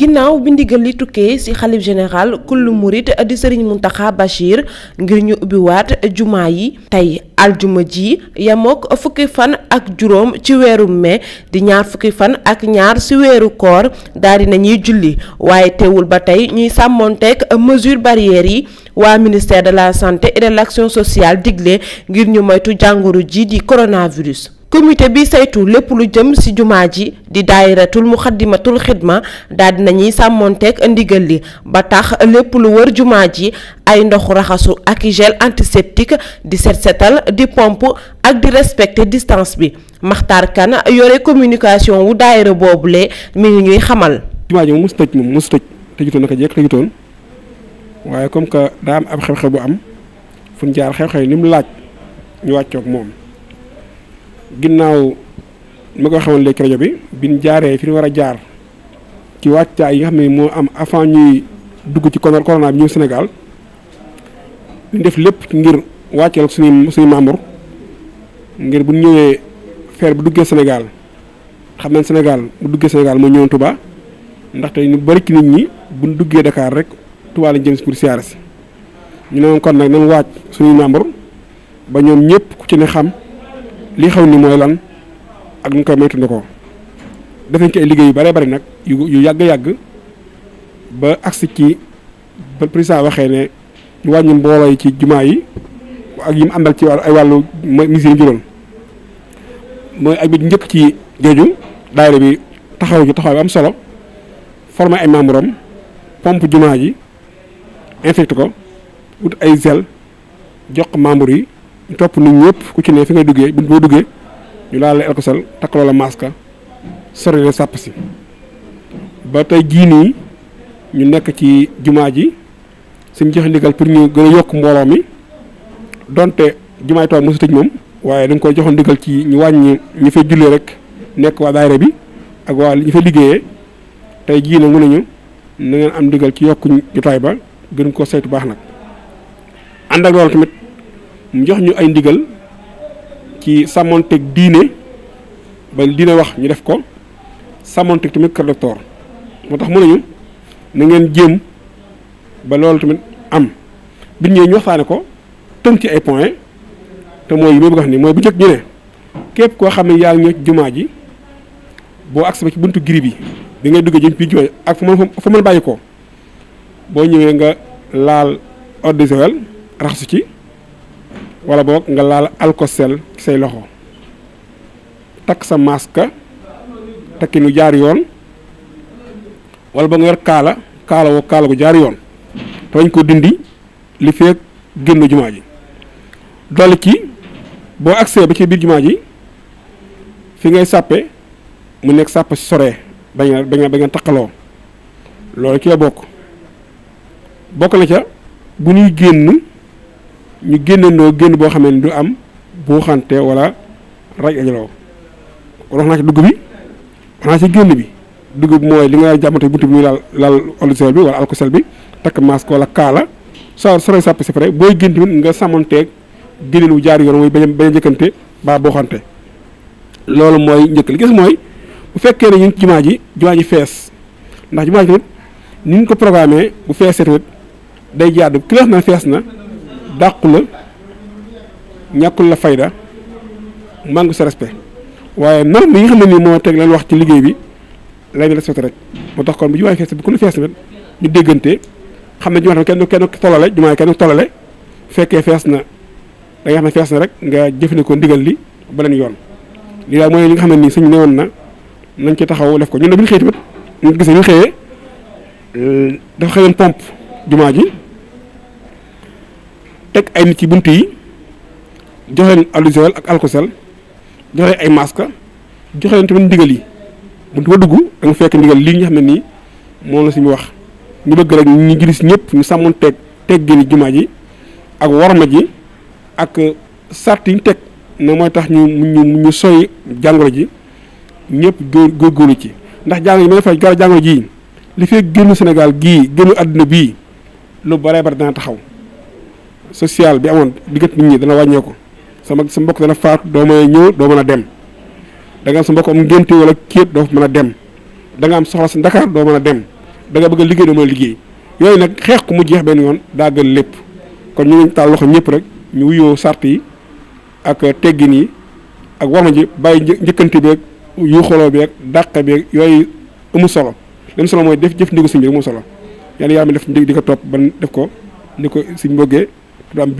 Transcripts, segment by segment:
ginnaaw bi ndigal li tukkee ci xalif général kullu murit di sëriñ Muntaxa Bachir ngir ñu ubbiwaat jumaa yi tey aljuma ji yamok fukki fan ak juróom ci weeru mai di ñaar fukki fan ak ñaar ci weeru koor daal nañuy julli waaye teewul ba tey ñuy sàmmoonteeg mesure barrière yi waa ministère de la santé et de l'action sociale digle ngir ñu moytu jàngoro ji di coronavirus comité bi saytu lépp lu jëm ci jumaa ji di daayiratul muxaddimatul xidma daal di nañuy sàmmoonteeg ndigal li ba tax lépp lu wër jumaa ji ay ndoxu raxasu ak gel antiseptique di set setal di pompe ak di respecter distance bi Maxtaar Kan yore communication wu boobu boobule mi ngi ñuy xamal. jumaa ji moom mos tëj moom mos tëj tëjutoon naka jekk tëjutoon waaye comme que daa am ab xew-xew bu am fu ñu jaar xew-xew ni mu laaj ñu wàccoog moom. ginnaaw ma ko xamoon léegi rajo bi biñ jaaree fi ñu war a jaar ci wàccaay yi nga xam ne moo am avant ñuy dugg ci corona bi ñëw Sénégal def lépp ngir wàcceel suñu suñu membre ngir bu ñëwee feer bu duggee xam nañ Sénégal bu duggee Sénégal moo ñëwoon Touba ndaxte ñu bari ci nit ñi bu duggee Dakar rek Touba lañ si pour si ñu ne kon nag nañ wàcc suñuy membre ba ñoom ñëpp ku ci ne xam. li xew ni mooy lan ak ñu koy moytandikoo def nañ ci ay liggéey yu bare bari nag yu yu yàgg-yàgg ba agsi ci ba président waxee ne ñu wàññi mbooloo ci jumaa yi ak yi mu àndal ci ay wàllu misiri juróom mooy ak bi njëkk ci jooju daayira bi taxaw ci taxaw bi am solo former ay membre am pompe jumaa ji infecté ko wut ay zel jox membre yi topp nit ñëpp ku ci ne fi ngay duggee boo duggee ñu laal la alkosal takk loola masque sori la sàpp si ba tey jii nii ñu nekk ci jumaa ji suñ joxe ndigal pour ñu gën a yokk mbooloo mi donte jumaay Tuubaa mosu tëj moom waaye dañ koy joxoon ndigal ci ñu wàññi ñu fay jullee rek nekk waa daayira bi ak waa ñu fay liggéeyee tey jii nag mu nañu na ngeen am ndigal ci yokk jotaay ba gën koo saytu baax nag ànd ak loolu tamit jox ñu ay ndigal ci sàmmonteeg diine ba diine wax ñu def ko sàmmonteeg tamit kër docteur moo tax mu nañu na ngeen jéem ba loolu tamit am bi ñëwee ñu waxtaane ko tënk ci ay point te mooy yi ma bëgg wax ni mooy bu njëkk ñu ne képp koo xam ne yaa ngi ñëw jumaa ji boo agsi ba ci buntu giri bi bi ngay duggee jëm ci jumaa ak fa mën fa mën bàyyi ko boo ñëwee nga laal ordre de Joël raxasu ci wala boog nga laal alkosel ci say loxo takk sa masque takki nu jaar yoon wala boog nga yor kaala kaala woo kaala gu jaar yoon te bañ ko dindi li feeg génn jumaa ji dolli ci boo agsee ba ci biir jumaa ji fi ngay sàppe mu nekk sàpp soree ba nga ba nga ba nga loolu ci la bokk bokk na ca bu ñuy génn ñu génnandoo génn boo xam ne du am buuxante wala raj ajaloo wax naa ci dugg bi wax naa ci génn bi dugg bi mooy li nga jàmmante buntu bi muy laal laal bi wala alcosel bi takk masque wala kaala sa soroy sàpp si pare booy génn tamit nga sàmmanteeg génneen wu jaar yoon mooy bañ bañ a njëkkante baa buuxante loolu mooy njëkk li gis mooy bu fekkee ne ñu jumaa ji jumaa ji fees ndax jumaa ji tamit ni ñu ko programmé bu feesee tamit day jaar ki la xam na dàqu la ñàkkul la fayda manque sa respect waaye norme bi nga xam ne nii moo teg leen wax ci liggéey bi lay ñu respecté rek moo tax kon bu jumaay fees bi ku ne fees tamit ñu déggante xam ne jumaa tamit kenn kenn tolale jumaay kenn tolale fekkee fees na da xam ne fees na rek nga jëfandikoo ndigal li beneen yoon lii daal mooy li nga xam ne nii suñu newoon na nañ ci taxaw lef ko ñun nag bu ñu xëyee tamit ñu gisee ñu xëyee dafa xëyoon pompe jumaa ji teg ay nit ci bunt yi jox leen allusiol ak alkosel jox ay masque jox leen tamit ndigal yi buntu ba dugg da fekk ndigal lii nga xam ne nii moom la suñu wax ñu bëgg rek ñu giris ñëpp ñu sàmmoon teg teg teggini jumaa ji ak warma ji ak sart yi ñu teg na mooy tax ñu ñu ñu soy jàngoro ji ñëpp góor góor góorgóorlu ci ndax jàngoro ji ma defa gara jàngoro ji li fekk génnu Sénégal gii génnu àdduna bi lu bare bare dana taxaw social bi amoon diggante nit ñi dana wàññeeku sama sa mbokk dana faatu doo mën ñëw doo mën a dem da nga am sa mbokk am ngénte wala kéet doo mën a dem danga am soxla sa Ndakaar doo mën a dem danga nga bëgg a liggéey doo mën a liggéey yooyu nag xeex ku mu jeex benn yoon daa gën lépp kon ñu ngi taal loxo ñëpp rek ñu wuyoo sart yi ak teggin yi ak warma ji bàyyi njëkkante beeg yu xoloo beeg dàq beeg yooyu amul solo leen solo mooy def jëf ndigu si mu solo yàlla yaa mi def di ko topp ban def ko ni ko sëñ mbogee du am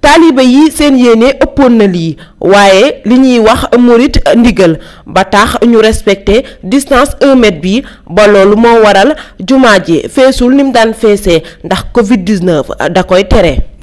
taaliba yi seen yéene ëppoon na lii waaye li ñuy wax murit ndigal ba tax ñu respecté distance un bi ba loolu moo waral juma ji feesul ni daan feesee ndax Covid 19 da koy tere.